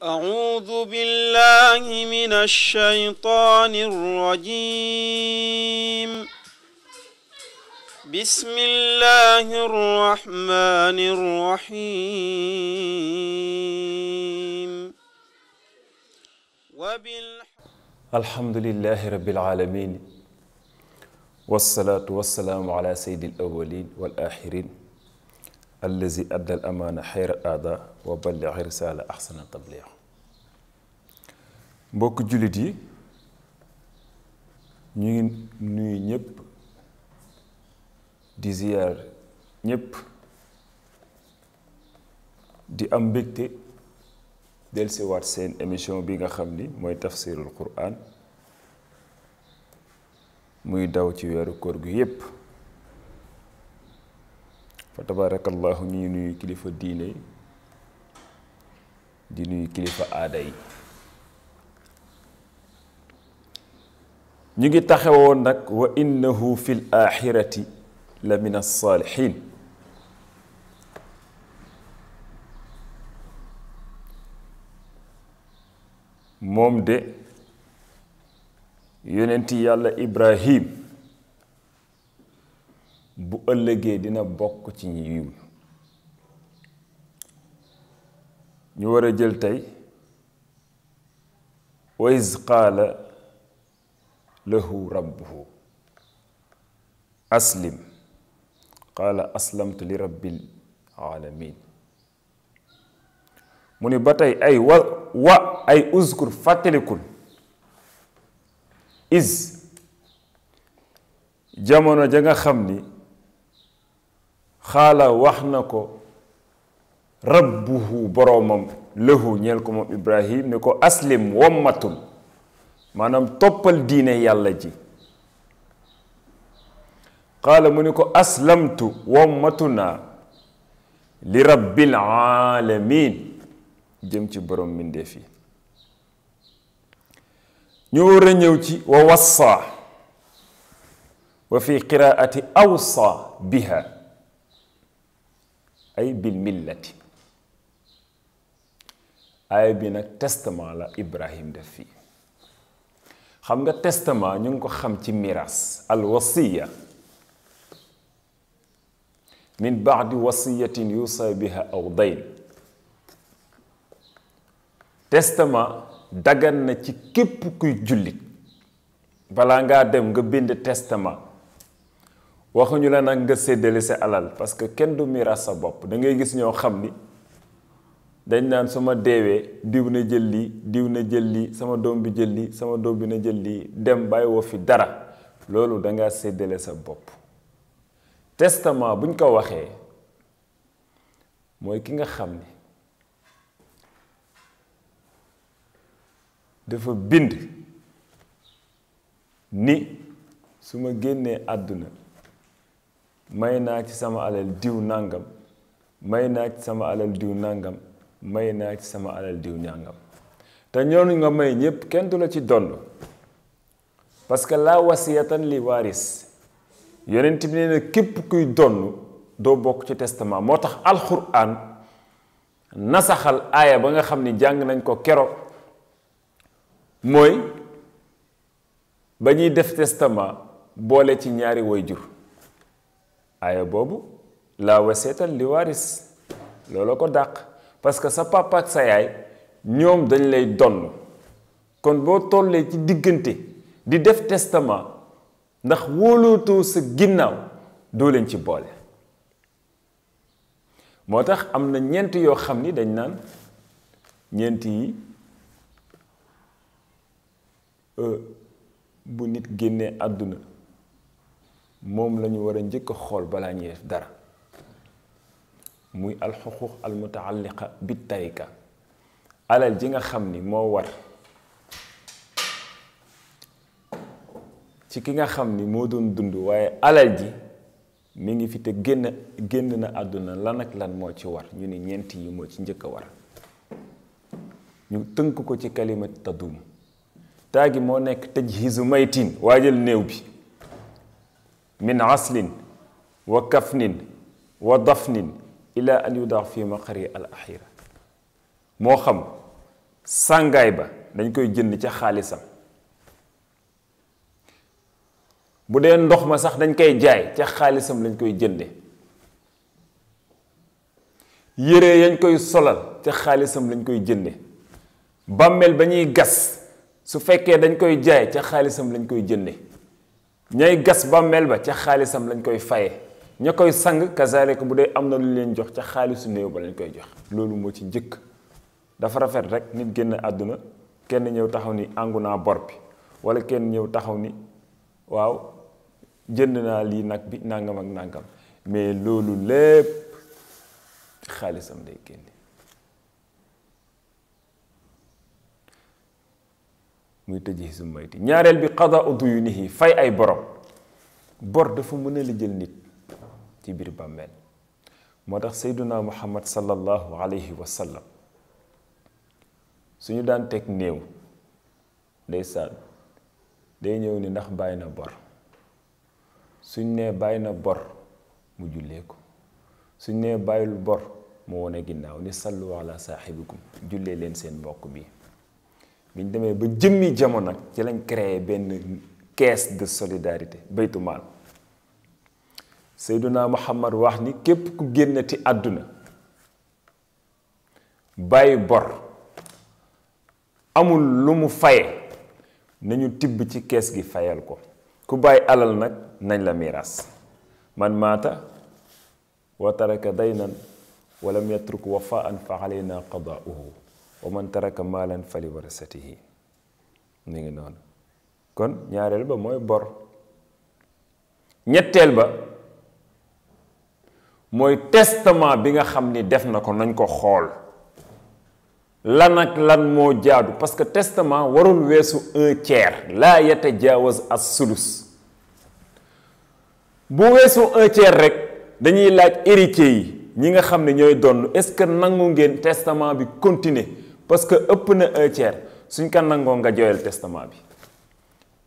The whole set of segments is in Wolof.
أعوذ بالله من الشيطان الرجيم بسم الله الرحمن الرحيم وبالحمد الحمد لله رب العالمين والصلاة والسلام على سيد الأولين والآخرين الذي أدى الأمانة خير أداء وبلغ رسالة أحسن تبليغ بوك جوليدي ني نوي نيب دي زيار نيب دي أم بيكتي ديل وات سين ايميشن بيغا خامني موي تفسير القران موي داو تي ويرو كورغو ييب فتبارك الله ني نوي كليفا ديني دي نوي كليفا اداي نيغي تاخيوون داك وانه في الاخره لمن الصالحين موم دي يونتي يالا ابراهيم bu ëllëgee dina bokk ci ñi yiw ñu war a jël tey wa iz qaala lahu rabbuhu aslim qaala aslamtu li rabbil alamin mu ni ba tey ay wa wa ay uzkur fàttalikul is jamono ja nga xam ni خالا وحنكو ربه برومم له نيلكم ابراهيم نكو اسلم ومتم مانام توبل دين يالا جي قال منكو اسلمت ومتنا لرب العالمين جيمتي بروم من دفي نيو رنيو ووصى وفي قراءه اوصى بها ay bil millati aaya bi nag testament la ibrahim def fii xam nga testament ñu ngi ko xam ci miraas al wasiya min baadi wasiyatin yusa biha aw dayn testament dagan na ci képp kuy jullit balaa ngaa dem nga bind testament waxuñu la nag nga séddale sa alal parce que kenn du miraas sa bopp da ngay gis ñoo xam ni dañ naan suma ma deewee diw na jël lii diw na jël lii sama doom bi jël lii sama doom bi na jël lii dem bàyyi woo fi dara loolu da ngaa séddale sa bopp testament buñ ko waxee mooy ki nga xam ni dafa bind ni su ma génnee àdduna may na ci sama alal diw nangam may na ci sama alal diw nangam may na ci sama alal diw nangam ta ñoonu nga may ñépp kën du la ci donn parce que la wasiyatan li waris yonent bi neena kep kuy donu do bok ci testament motax alquran nasakhal aya ba nga xamni ni nañ ko kéro moy bañuy def testament bolé ci ñaari wayjur aaya boobu laa waseetal li waaris looloo ko dàq parce que sa papa ak sa yaay ñoom dañ lay donn kon boo tollee ci diggante di def testament ndax wóolootoo sa ginnaaw doo leen ci boole moo tax am na ñeent yoo xam ni dañ naan ñeent yi euh, bu nit génnee àdduna moom lañu war a njëkk xool balaa ñuy def dara muy alxuquq almutaalliqa bi tayka alal ji nga xam ni moo war ci ki nga xam ni moo doon dund waaye alal ji mu ngi fi te génn génn na àdduna lan ak lan moo ci war ñu ne ñeent yi moo ci njëkk a war ñu tënk ko ci kalimat tadum taa moo nekk tajhizu maytin waajal néew bi min aslin wa kafnin wa dafnin ila an yudaaf fi maqari al axira moo xam sàngaay ba dañ koy jënd ca xaalisam bu dee ndox ma sax dañ koy jaay ca xaalisam lañ koy jënde yére yañ koy solal ca xaalisam lañ koy jënde bàmmeel ba ñuy gas su fekkee dañ koy jaay ca xaalisam lañ koy jënde ñay gas bàmmeel ba ca xaalisam lañ koy faye ña koy sang ko bu dee am na lu leen jox ca xaalisu néew ba lañ koy jox loolu moo ci njëkk dafa rafet rek nit génn àdduna kenn ñëw taxaw ni àngu naa bor bi wala kenn ñëw taxaw ni waaw jënd naa lii nag bi nangam ak nangam mais loolu lépp xaalisam day génn muy tëji su mayti ñaarel bi qada duyunihi fay ay borom bor dafa mën la jël nit ci bir bammel motax sayyiduna muhammad sallallahu alayhi wa sallam suñu daan tek néew ndeysaan day ñëw ni ndax bayina bor suñ ne bayina bor mu jullee ko suñ ne bayul bor mu wone ginnaw ni sallu ala sahibikum jullee len seen mbokk bi bi ñu demee ba jëmmi jamono nag ci lañ créé benn caisse de solidarité baytu maal Seyduna Muhammad wax ni képp ku génnati àdduna bàyyi bor amul lu mu faye nañu tibb ci kees gi fayal ko ku bàyyi alal nag nañ la miiras man maata wa taraka daynan walam yatruk wafaan fa alayna qadauhu wa man taraka war a warasatihi mu ngi noonu kon ñaareel ba mooy bor ñetteel ba mooy testament bi nga xam ni def na ko nañ ko xool lan ak lan moo jaadu parce que testament warul weesu un tiers laa yatajawaz as sulus bu weesu un rek dañuy laaj héritier yi ñi nga xam ne ñooy donn est-ce que nangu ngeen testament bi continuer parce que ëpp na un suñ ko nangoo nga jooyal testament bi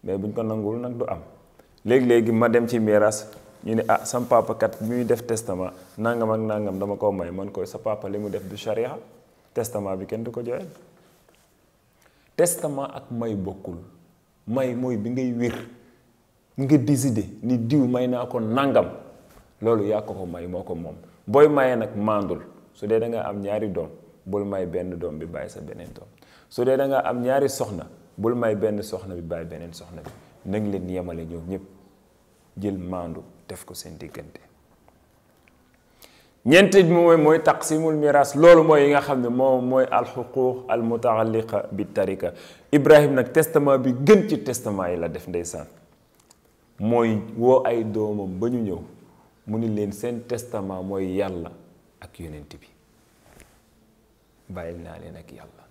mais buñ ko nanguwul nag du am léegi-léegi ma dem ci miiras ñu ne ah sam bi muy def testament nangam ak nangam dama ko may man koy sa papa li mu def du charia testament bi kenn du ko jooyal testament ak may bokkul may mooy bi ngay wér nga décider ni diw may naa ko nangam loolu yaa ko may moo ko moom booy mayee nag mandul su dee da nga am ñaari doom bul may benn doom bi bàyyi sa beneen doom su dee da am ñaari soxna bul may benn soxna bi bàyyi beneen soxna bi na leen yemale ñoom ñëpp jël maandu def ko seen diggante. ñeente bi mooy mooy taqsimul miraas loolu mooy yi nga xam ne moom mooy alxuquq al mutaalliqa bi tarika Ibrahim nag testament bi gën ci testament yi la def ndeysaan mooy woo ay doomam ba ñu ñëw mu ni leen seen testament mooy yàlla ak yonent bi. bàyyil naa leen ak yàlla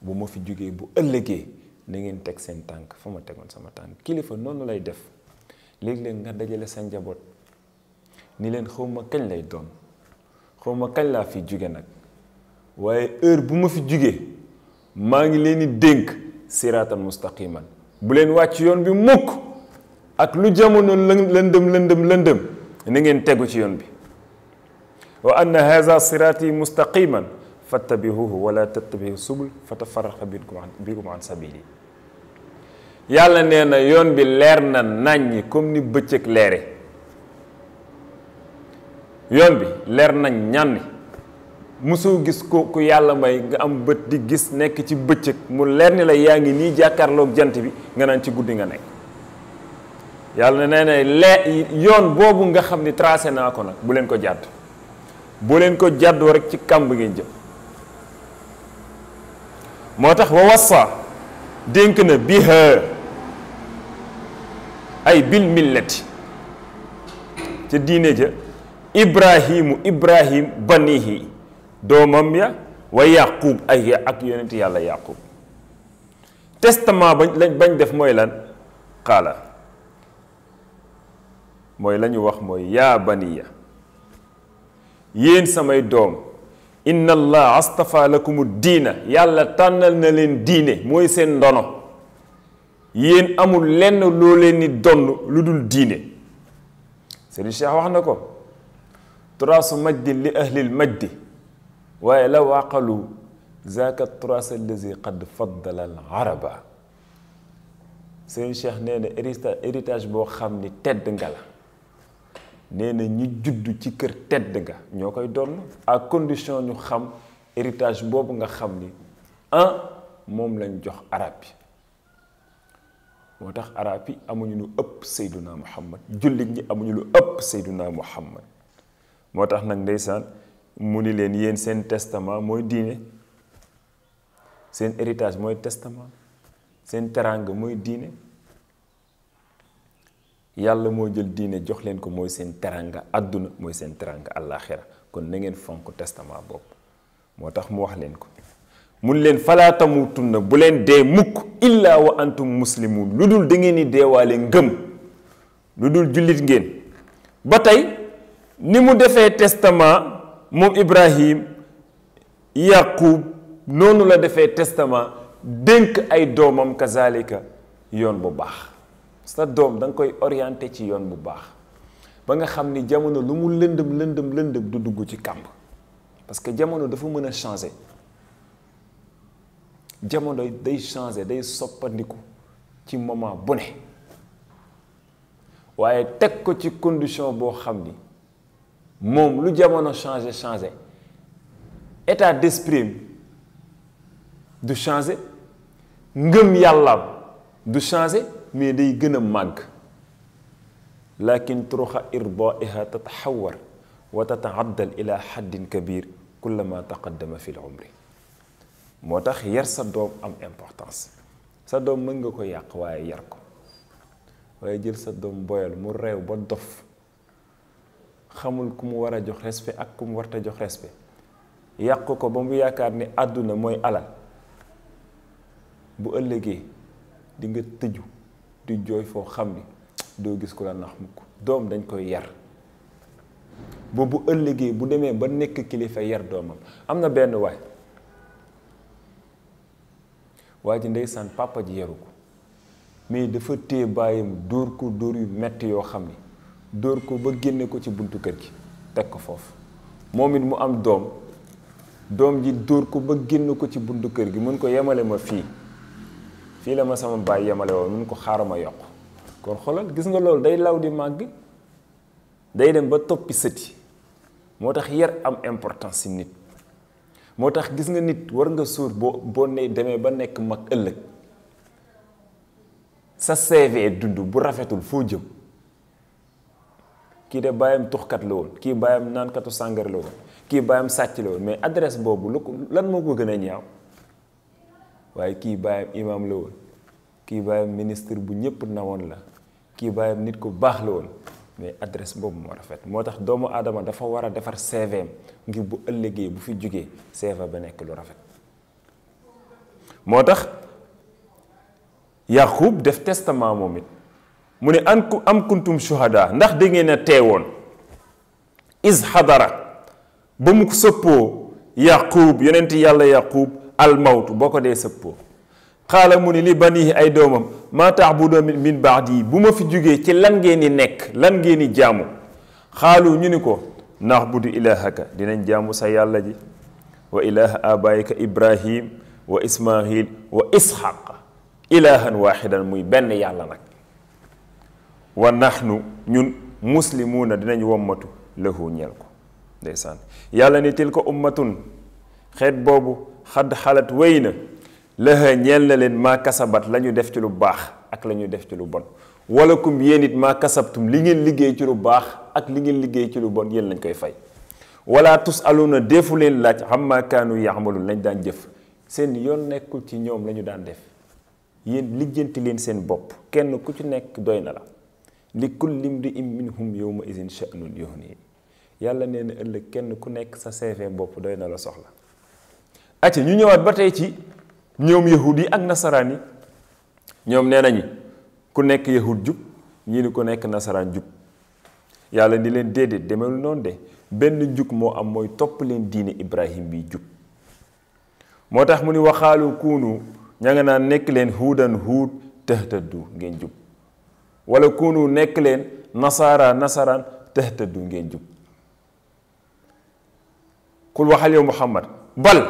bu ma fi jógee bu ëllëgee na ngeen teg seen tànk fa ma tegoon sama tànk kilifa noonu lay def léeg-léeg nga dajale sa njaboot ni leen xaw ma kañ lay doon xaw ma kañ laa fi jóge nag waaye heure bu ma fi jógee maa ngi leen di dénk siratan mustaqiman bu leen wàcc yoon bi mukk ak lu jamono lëndëm lëndëm lëndëm na ngeen tegu ci yoon bi wa anna haza sirati mustaqiman fattabihuhu wala tattabihu subul fatafarraqa bikum an sabili Yalla neena yon bi leer na naññ comme ni beccek leere yon bi leer na ñan musu gis ko ku yalla may nga am beut di gis nek ci beccek mu leer ni la yaangi ni jakarlo ak jant bi nga nan ci guddi nga nek yalla neena na lee nga xamni tracé na ko bu len ko jadd bu len ko jadd rek ci kamb ngeen jëm moo tax wa wassa dénk na biha ay bil millati ca diine ja ibrahimu ibrahim banihi doomam ya wa yaqub ay ak yonent yàlla yaqub testament bañ bañ def mooy lan xaala mooy la wax mooy yaa baniya yéen samay doom إن الله أصطفى لكم الدين يلا تنال نلين دين موي سين دونو يين أمو لين لولين دون لدول دين سيدي الشيخ وحنكو تراس مجد لأهل المجد ولو عقلوا ذاك التراث الذي قد فضل العرب سيدي الشيخ نينا إريتاج بو خامني تد nee na ñi judd ci kër tedd ga ñoo koy doon ak condition ñu xam héritage boobu nga xam ni un moom lañ jox arab yi moo tax arab bi amuñu lu ëpp sayduna muhammad jullit ñi amuñu lu ëpp sayduna muhammad moo tax nag ndeysaan mu ni leen yéen seen testament mooy diine seen héritage mooy testament seen teraanga mooy diine yàlla moo jël diine jox leen ko mooy seen teranga àdduna mooy seen teranga àllaaxira kon na ngeen fonk testament boobu moo tax mu wax leen ko mun leen falaa tamutunna bu leen dee mukk illaa wa antum muslimun lu dul da ngeen di deewaale ngëm lu dul jullit ngeen ba tey ni mu defee testament moom ibrahim yaqub noonu la defee testament dénk ay doomam kazalika yoon bu baax sa dom dang koy orienté ci yoon bu baax ba nga xamni jamono lu mu lëndëm lëndëm lëndëm du dugg ci kàmb parce que jamono dafa mën a changer jamono day changer day soppandiku ci moment bu ne waaye teg ko ci condition boo xam ni moom lu jamono changer changer état d'esprit du changer ngëm yàllaam du changer mais day gën a màgg lakin turuxa irdaiha tataxawar wa tataaddal ila xaddin kabir kullama taqaddama fi l umri moo tax yar sa doom am importance sa doom mën nga ko yàq waaye yar ko waaye jël sa doom boyal mu réew ba dof xamul ku mu war a jox respect ak ku mu warta jox respect yàq ko ba mu yaakaar ni àdduna mooy alal bu ëllëgee di nga tëju di jooy foo xam ni doo gis ko la nax mukk doom dañ koy yar boobu ëllëgee bu demee ba nekk kilifa yar doomam am na benn waay waa ji ndeysaan papa ji yaru ko mais dafa téye bàyyam dóor ko dóor yu metti yoo xam ni dóor ko ba génne ko ci buntu kër gi teg ko foofu moom it mu am doom doom ji dóor ko ba génn ko ci buntu kër gi mun ko yemale ma fii fi la ma sama baye yamale won ko xaruma yok kon xolal gis nga lol day law di mag, day dem ba topi seuti motax yer am importance ci nit motax gis nga nit war nga sour bo boo ne demee ba nek mak euleuk sa CV e dundu bu rafetul fo jëm ki de bàyyam tuxkat la woon kii bàyyam naankatu mais adresse bobu lan moko gëna waaye kii baayam imam la woon kii baayam ministre bu ñëpp nawoon la kii baayam nit ku baax la woon mais adresse boobu moo rafet moo doomu aadama dafa war defar CV ngir bu ëllëgee bu fi jógee CV ba nekk lu rafet moo tax Yaqub def testament moom it an ku am kuntum shuhada ndax da ngeen a teewoon is xadara ba mu sëppoo Yaqub yonent yàlla Yaqub الموت بوكو دي سبو قال موني لي بني اي دومم ما تعبد من بعدي بوما في جوغي تي لان غيني نيك لان غيني جامو خالو ني نيكو نعبد الهك دينا جامو سا يالا جي واله ابائك ابراهيم واسماعيل واسحاق الها واحدا مي بن يالا نك ونحن نون مسلمون دينا وماتو له نيالكو ديسان يالا ني تلك امه خيت بوبو xadd xalat wéy na laha ñeel na leen maa kasabat la ñu def ci lu baax ak la ñu def ci lu bon wala kum yéen it maa kasabtum li ngeen liggéey ci lu baax ak li ngeen liggéey ci lu bon yéen lañ koy fay wala tus aluna deefu leen laaj amma kaanu yaamaluun lañ daan jëf seen yoon nekkul ci ñoom la ñu daan def yéen lijjanti leen seen bopp kenn ku ci nekk doy na la li kulli mri'in minhum yawma idin sha'nun yuhni yàlla nee na ëllëg kenn ku nekk sa CV bopp doy na la soxla acca ñu ñëwaat ba tey ci ñoom yahud yi ak nasaraan yi ñoom nee nañu ku nekk yahud jub ñu ni ko nekk nasaraan jub yàlla ni leen déedéet demelu noon de benn jug moo am mooy topp leen diine ibrahim bi jub moo tax mu ni waxaalu kuunu ña nga naan nekk leen huudan huud tëhtëddu ngeen jub wala kuunu nekk leen nasaara nasaraan tëhtëddu ngeen jub ku waxal yow muhammad bal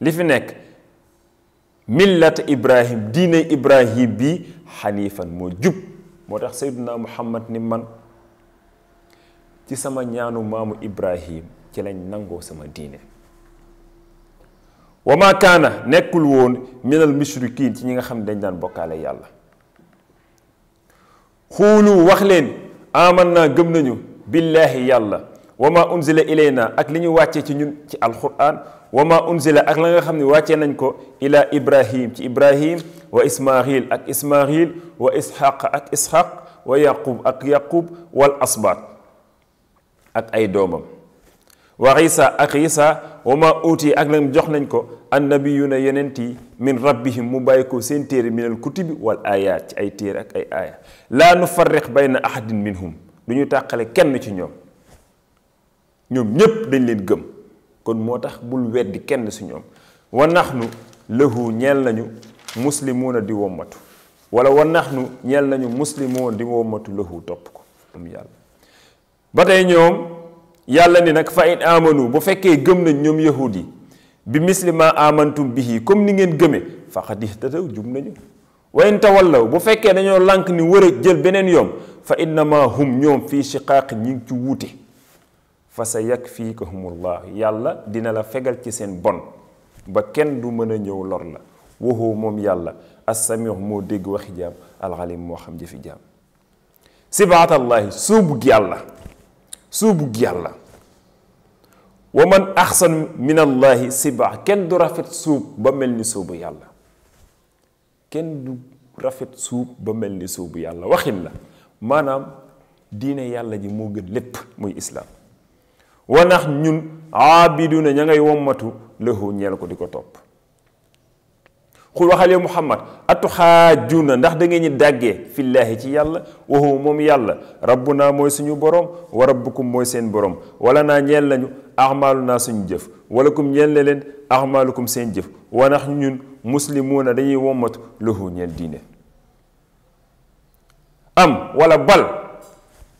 li fi nekk millata ibrahim diine ibrahim bi xanifan moo jub moo tax sayduna muhammad ni man ci sama ñaanu maamu ibrahim ci lañ nangoo sama diine wa ma kaana nekkul woon minal mushrikiin ci ñi nga xam ne dañ daan bokkaale yàlla xuulu wax leen aman gëm nañu billaahi yàlla wa ma unzila ilayna ak li ñu wàccee ci ñun ci alquran وما أنزل أغلى خمني واتينا نكو إلى إبراهيم تي إبراهيم وإسماعيل أك إسماعيل وإسحاق أك إسحاق ويعقوب أك يعقوب والأصبات أك أي دومم وعيسى أك عيسى وما أوتي أغلى جخنا نكو النبيون يننتي من ربهم مبايكو سنتير من الكتب والآيات أي تير أك أي آية لا نفرق بين أحد منهم لن يتاقل كن نيوم نيوم نيب دين لين kon moo tax bul weddi kenn si ñoom wa nax nu lëhu ñeel nañu muslimuuna di wommatu wala wa nax nu ñeel nañu muslimuuna di wommatu lëhu topp ko moom yàlla ba tey ñoom yàlla ni nag fa in amanu bu fekkee gëm nañ ñoom yahud yi bi mislima amantum bihi comme ni ngeen gëmee faqad ihtadaw jub nañu wa in tawallaw bu fekkee dañoo lànk ni war a jël beneen yoon fa innama hum ñoom fii shiqaaq ñi ngi ci wuute فسيكفيكهم الله يلا دينا لا فغال سي سين بون با كين دو مانا نيو لور لا وهو موم يلا السميع مو ديغ واخ جام العليم مو خم جيفي جام سبعه الله سوب يلا سوب يلا ومن احسن من الله سبع كين دو رافيت سوب با ملني سوب يلا كين دو رافيت سوب با ملني سوب يلا واخيل لا مانام دين يلا جي مو گن لپ موي اسلام wa nax ñun aabiduna ña ngay wommatu lahu ñeel ko di ko topp xul waxal yow muhammad atuxaajuna ndax da ngeen ñi dàggee fillaahi ci yàlla waxu moom yàlla rabbuna mooy suñu borom wa rabbukum mooy seen borom wala naa ñeel nañu axmaalu naa suñu jëf wala kum ñeel na leen axmaalukum seen jëf wa nax ñun muslimuuna dañuy wommatu lahu ñeel diine am wala bal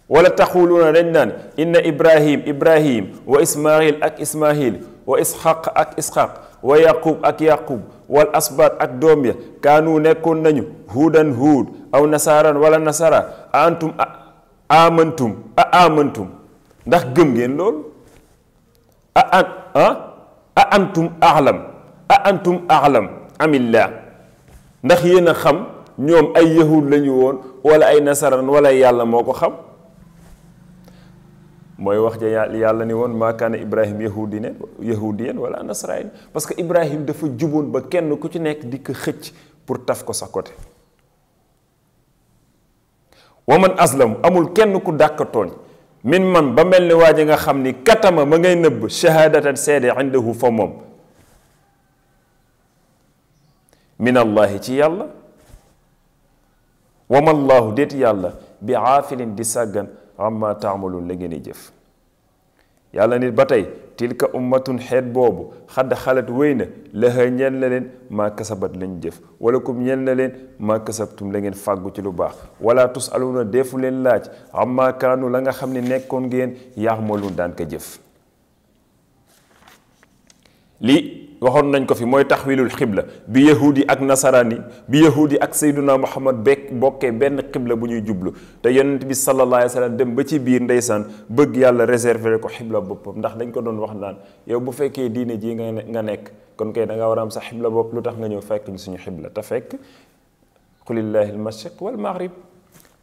ولا تقولون لنا إن إبراهيم إبراهيم وإسماعيل أك إسماعيل وإسحاق أك إسحاق ويعقوب أك يعقوب والأسباط أك دومية كانوا نكون نيو هودا هود أو نصارا ولا نصارى أنتم آمنتم أآمنتم ده جم جن لول أأن أه؟ أأنتم أعلم أأنتم أعلم أم الله نخ ين خم نيوم أي يهود لنيون ولا أي نصارى ولا يعلم وكو خم moy wax ja yàlla ni won ma kan ibrahim yahudine yahudiyen wala nasraani parce que ibrahim dafa djubon ba kenn ku ci nek dik xëcc pour taf ko sa côté waman aslam amul kenn ku dàkk tooñ min man ba melni waji nga xamni katama ma ngay neub shahadatan seede indahu fa mom min allah ci yàlla wama allah det yàlla bi afilin disagan amma taamaluun la ngeen di jëf yàlla nit ba tey ka ummatun xeet boobu xadd xalat wéy na laha ñeel na leen maa kasabat lañ jëf wala kum ñeel na leen maa kasabtum la ngeen fàggu ci lu baax wala tus aluna deefu leen laaj amma kaanu la nga xam ne nekkoon ngeen yaax maluun daan ko jëf lii waxoon nañ ko fi mooy taxwilul xibla bi yahudi ak nasaraani bi yahudi ak sayduna muhammad bekk bokkee benn xibla bu ñuy jublu te yonent bi sallallahu alayhi wa sallam dem ba ci biir ndeysaan bëgg yàlla réserver ko xibla boppam ndax dañ ko doon wax naan yow bu fekkee diine ji nga nga nekk kon kay da nga war a am sa xibla bopp lu tax nga ñëw fekk ñu suñu xibla te fekk qulillahi al mashriq wal maghrib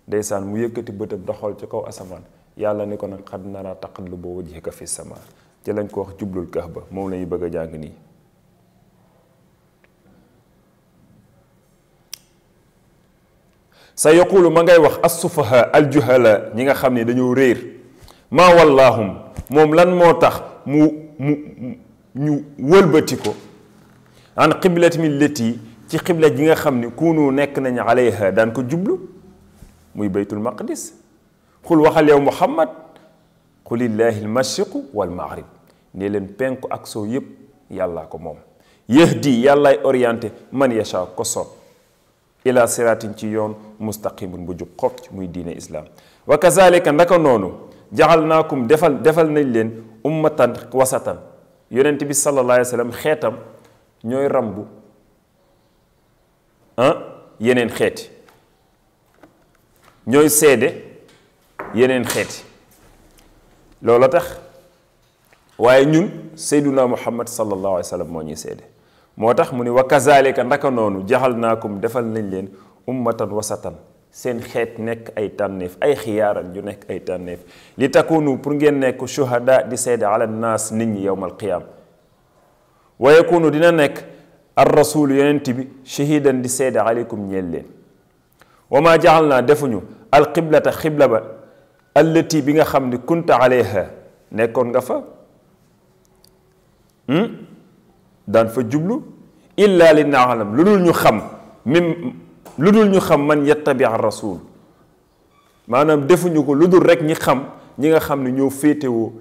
ndeysaan mu yëkkati bëtam doxal ci kaw asamaan yàlla ni ko nag xad nara taqallubu wajhika fi sama ci lañ ko wax jublul kahba moom la ñuy bëgg a jàng nii سيقول ما غاي واخ السفهاء الجهلاء نيغا خامني دانيو رير ما واللهم موم لان موتاخ مو ني ولبتيكو ان قبلتي التي تي قبله جيغا خامني كونو نيك ناني عليها دانكو جوبلو موي بيت المقدس قل وخال يا محمد قل لله المشرق والمغرب نيلن بينكو اكسو ييب يالا كو موم يهدي يالا اورينتي من يشاء كو سوب ila siraatin ci yoon mustaqimun bu jub xocc muy diine islaam wa kazalika naka noonu jaxalnaakum defal defal nañ leen ummatan wasatan yonent bi sallallahu alayhi wa sallam xeetam ñooy rambu ah yeneen xeeti ñooy seede yeneen xeeti loolu tax waaye ñun seyduna muhammad sallallahu alayhi wa sallam moo ñuy seede motax muni wa kazalika ndaka nonu jahalnakum defal nañ len ummatan wasatan sen xet nek ay tanef ay xiyaaran yu nek ay tanef li takunu pour ngeen nek shuhada di sayd ala nas nit ñi yowmal qiyam wa yakunu dina nek ar rasul yonent bi shahidan di sayd aleykum ñeel len wa maa jaxal defuñu al qiblata xibla ba allati bi nga xam ni kunta aleyha nekkoon nga fa daan fa jublu illa li naalam lu dul ñu xam mim lu dul ñu xam man yattabi rasul maanaam defuñu ko lu dul rek ñi xam ñi nga xam ne ñoo féetewoo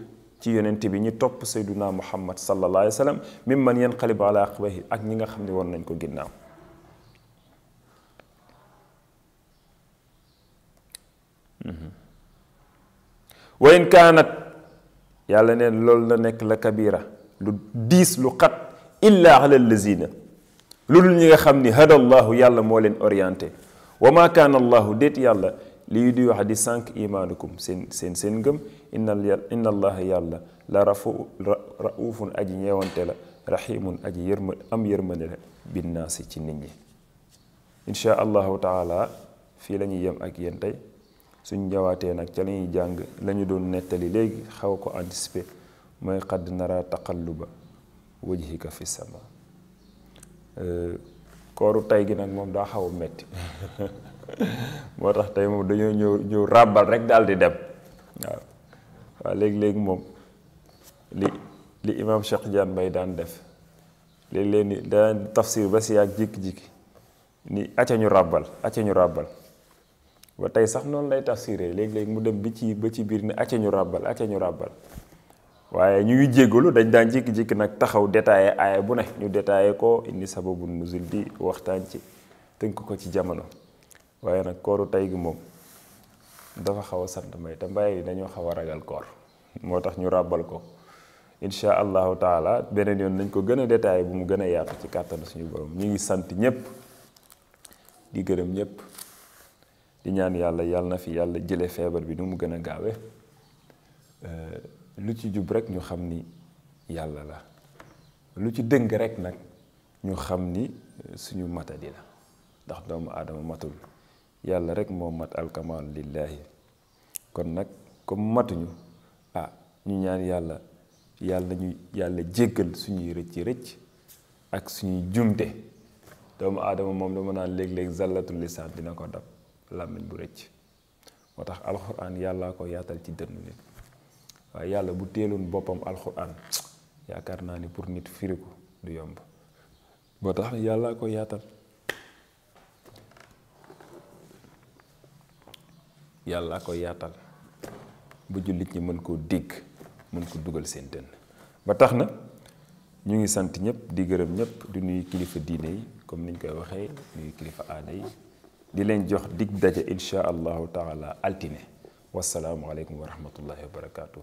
ci yonent bi ñi topp sayduna muhammad sallallahu alayhi wa sallam mim man yanqalib ala aqibahi ak ñi nga xam ne woon nañ ko ginnaaw wa in kaanat yàlla neen loolu na nekk la kabira lu diis lu xat إلا على الذين لول نيغا خامني هدى الله يالا مولين اورينتي وما كان الله ديت يالا لي دي واخ دي سانك ايمانكم سين سين سين غم ان ان الله يالا لا رفو رؤوف اجي نيوانتي لا رحيم اجي يرم ام يرمن بالناس تي نيني ان شاء الله تعالى في لا ني يم اك ينتاي سون جاواتي نك تي لا ني جانغ لا ني دون نيتالي ليغي خاوكو انتسيبي ما قد نرى تقلبا wajhika fi sama eh, koru tay gi nak mom da xaw metti motax tay mom dañu ñew ñew rabal rek dal di dem wa leg leg mom li li imam Cheikh Jan bay daan def Li léeg ni daan tafsir ba si ak jik ni acca ñu rabal acca ñu rabal ba tay sax non lay tafsiré leg leg mu dem bi ci ba ci bir ni acca ñu rabal acca ñu rabal waaye ñu ngi jéggalu dañ daan jékki-jékki nag taxaw détaillé aaya bu ne ñu détaillé ko indi sababu nuzul bi waxtaan ci tënk ko ci jamono waaye nag kooru tey gi moom dafa xaw a sant may te mbay yi dañoo xaw a ragal koor moo tax ñu ràbbal ko incha allahu taala beneen yoon nañ ko gën a détaillé bu mu gën a ci kàttanu suñu borom ñu ngi sant ñëpp di gërëm ñépp di ñaan yàlla yàlla na fi yàlla jële feebar bi nu mu gën a gaawe lu ci jub rek ñu xam ni yàlla la lu ci dëng rek nag ñu xam ni eh, suñu matadi la ndax doomu aadama matul yàlla rek moom mat alkamal lillahi kon nag comme matuñu ah ñu ñaan yàlla yàlla ñu yàlla jéggal suñuy rëcc rëcc ak suñuy jumte doomu aadama moom dama naan léeg-léeg zallatul lisaan dina ko dab làmmiñ bu rëcc moo tax alxuraan yàllaa ko yaatal ci dënnu nit waaye yàlla bu teeloon boppam alxuraan yaakaar naa ni pour nit firi ko du yomb boo tax yàlla ko yaatal yàlla ko yaatal ba jullit ñi mën koo dégg mën ko dugal seen dënn ba tax na ñu ngi sant ñëpp di gërëm ñëpp di nuyu kilifa diine yi comme niñ koy waxee nuyu kilifa aada yi di leen jox dig daje insha allahu taala altine wasalaamualeykum wa rahmatullahi wa barakatuh